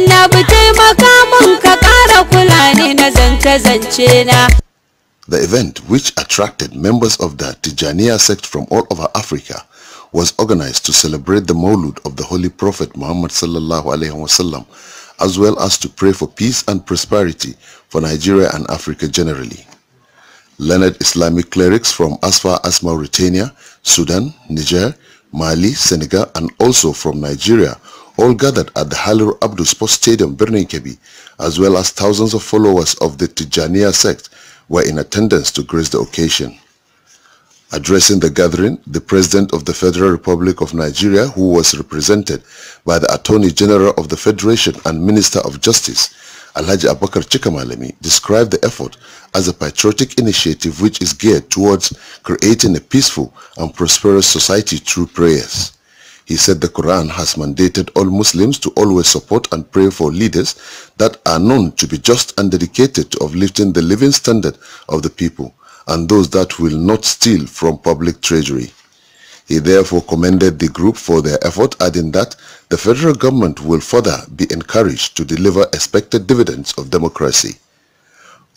taimaka mun ka kula ne na zance-zance na The event, which attracted members of the Tijaniya sect from all over Africa, was organized to celebrate the Maulud of the Holy Prophet Muhammad sallallahu alaihi wasallam, as well as to pray for peace and prosperity for Nigeria and Africa generally. Learned Islamic clerics from as far as Mauritania, Sudan, Niger, Mali, Senegal and also from Nigeria all gathered at the Haliru Abdul Sports Stadium, Birnin as well as thousands of followers of the Tijaniya sect were in attendance to grace the occasion. Addressing the gathering, the President of the Federal Republic of Nigeria, who was represented by the Attorney General of the Federation and Minister of Justice, Alhaji Abakar Chikamalami described the effort as a patriotic initiative which is geared towards creating a peaceful and prosperous society through prayers. He said the Quran has mandated all Muslims to always support and pray for leaders that are known to be just and dedicated to uplifting the living standard of the people and those that will not steal from public treasury. He therefore commended the group for their effort, adding that the federal government will further be encouraged to deliver expected dividends of democracy.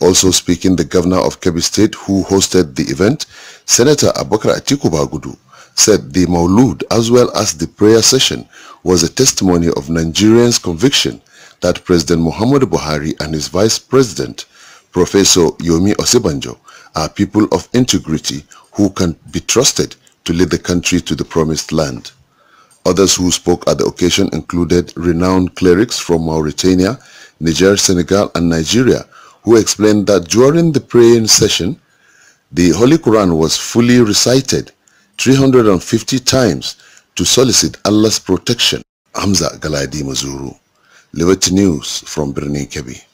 Also speaking, the governor of Kebbi State, who hosted the event, Senator Abakar Atikubagudu, Bagudu, said the Maulud as well as the prayer session was a testimony of Nigerians' conviction that President Muhammadu Buhari and his Vice President, Professor Yomi Osibanjo, are people of integrity who can be trusted to lead the country to the promised land. Others who spoke at the occasion included renowned clerics from Mauritania, Niger, Senegal and Nigeria who explained that during the praying session, the Holy Quran was fully recited 350 times to solicit Allah's protection. Hamza Galadi Mazuru, Liberty News from Birnin Kebi.